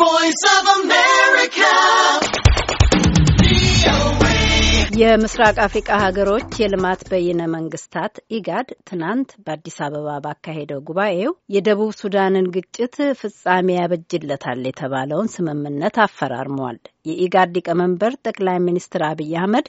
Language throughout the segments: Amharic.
voice of America. የምስራቅ አፍሪቃ ሀገሮች የልማት በይነ መንግስታት ኢጋድ ትናንት በአዲስ አበባ ባካሄደው ጉባኤው የደቡብ ሱዳንን ግጭት ፍጻሜ ያበጅለታል የተባለውን ስምምነት አፈራርሟል። የኢጋድ ሊቀመንበር ጠቅላይ ሚኒስትር አብይ አህመድ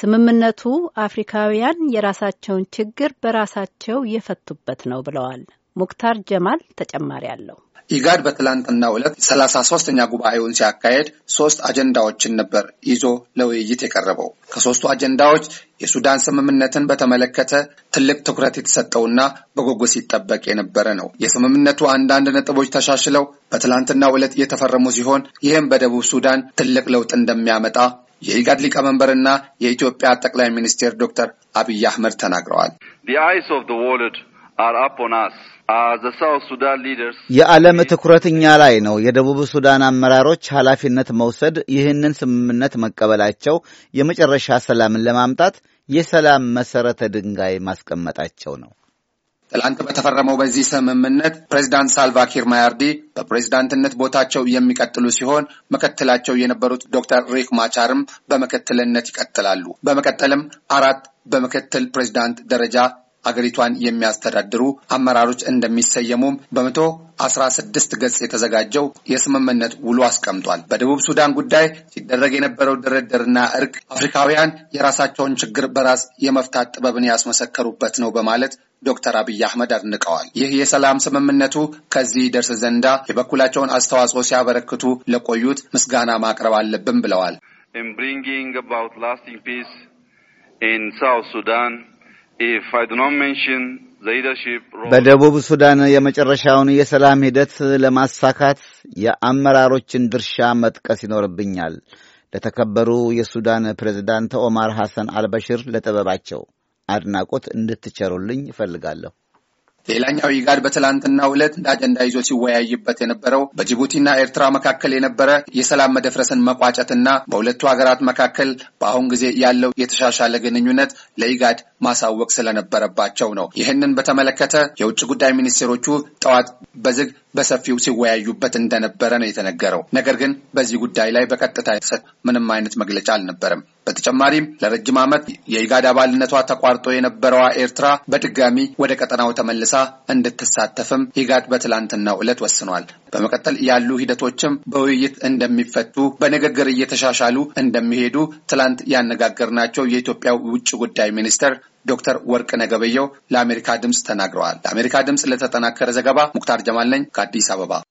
ስምምነቱ አፍሪካውያን የራሳቸውን ችግር በራሳቸው የፈቱበት ነው ብለዋል። ሙክታር ጀማል ተጨማሪ አለው። ኢጋድ በትላንትና ዕለት ሰላሳ ሶስተኛ ጉባኤውን ሲያካሄድ ሶስት አጀንዳዎችን ነበር ይዞ ለውይይት የቀረበው። ከሶስቱ አጀንዳዎች የሱዳን ስምምነትን በተመለከተ ትልቅ ትኩረት የተሰጠውና በጉጉት ሲጠበቅ የነበረ ነው። የስምምነቱ አንዳንድ ነጥቦች ተሻሽለው በትላንትና ዕለት የተፈረሙ ሲሆን ይህም በደቡብ ሱዳን ትልቅ ለውጥ እንደሚያመጣ የኢጋድ ሊቀመንበርና የኢትዮጵያ ጠቅላይ ሚኒስቴር ዶክተር አብይ አህመድ ተናግረዋል። የዓለም ትኩረት እኛ ላይ ነው። የደቡብ ሱዳን አመራሮች ኃላፊነት መውሰድ፣ ይህንን ስምምነት መቀበላቸው የመጨረሻ ሰላምን ለማምጣት የሰላም መሠረተ ድንጋይ ማስቀመጣቸው ነው። ትላንት በተፈረመው በዚህ ስምምነት ፕሬዚዳንት ሳልቫኪር ማያርዲ በፕሬዚዳንትነት ቦታቸው የሚቀጥሉ ሲሆን ምክትላቸው የነበሩት ዶክተር ሪክ ማቻርም በምክትልነት ይቀጥላሉ። በመቀጠልም አራት በምክትል ፕሬዚዳንት ደረጃ አገሪቷን የሚያስተዳድሩ አመራሮች እንደሚሰየሙም በመቶ አስራ ስድስት ገጽ የተዘጋጀው የስምምነት ውሉ አስቀምጧል። በደቡብ ሱዳን ጉዳይ ሲደረግ የነበረው ድርድርና እርቅ አፍሪካውያን የራሳቸውን ችግር በራስ የመፍታት ጥበብን ያስመሰከሩበት ነው በማለት ዶክተር አብይ አህመድ አድንቀዋል። ይህ የሰላም ስምምነቱ ከዚህ ደርስ ዘንዳ የበኩላቸውን አስተዋጽኦ ሲያበረክቱ ለቆዩት ምስጋና ማቅረብ አለብን ብለዋል። በደቡብ ሱዳን የመጨረሻውን የሰላም ሂደት ለማሳካት የአመራሮችን ድርሻ መጥቀስ ይኖርብኛል። ለተከበሩ የሱዳን ፕሬዝዳንት ኦማር ሐሰን አልበሽር ለጥበባቸው አድናቆት እንድትቸሩልኝ እፈልጋለሁ። ሌላኛው ኢጋድ በትላንትናው ዕለት እንደ አጀንዳ ይዞ ሲወያይበት የነበረው በጅቡቲና ኤርትራ መካከል የነበረ የሰላም መደፍረስን መቋጨትና በሁለቱ ሀገራት መካከል በአሁን ጊዜ ያለው የተሻሻለ ግንኙነት ለኢጋድ ማሳወቅ ስለነበረባቸው ነው። ይህንን በተመለከተ የውጭ ጉዳይ ሚኒስቴሮቹ ጠዋት በዝግ በሰፊው ሲወያዩበት እንደነበረ ነው የተነገረው። ነገር ግን በዚህ ጉዳይ ላይ በቀጥታ የተሰጠ ምንም አይነት መግለጫ አልነበረም። በተጨማሪም ለረጅም ዓመት የኢጋድ አባልነቷ ተቋርጦ የነበረዋ ኤርትራ በድጋሚ ወደ ቀጠናው ተመልሳ እንድትሳተፍም ኢጋድ በትላንትናው ዕለት ወስኗል። በመቀጠል ያሉ ሂደቶችም በውይይት እንደሚፈቱ በንግግር እየተሻሻሉ እንደሚሄዱ ትላንት ያነጋገርናቸው የኢትዮጵያ ውጭ ጉዳይ ሚኒስትር ዶክተር ወርቅ ነገበየው ለአሜሪካ ድምፅ ተናግረዋል። ለአሜሪካ ድምፅ ለተጠናከረ ዘገባ ሙክታር ጀማል ነኝ ከአዲስ አበባ።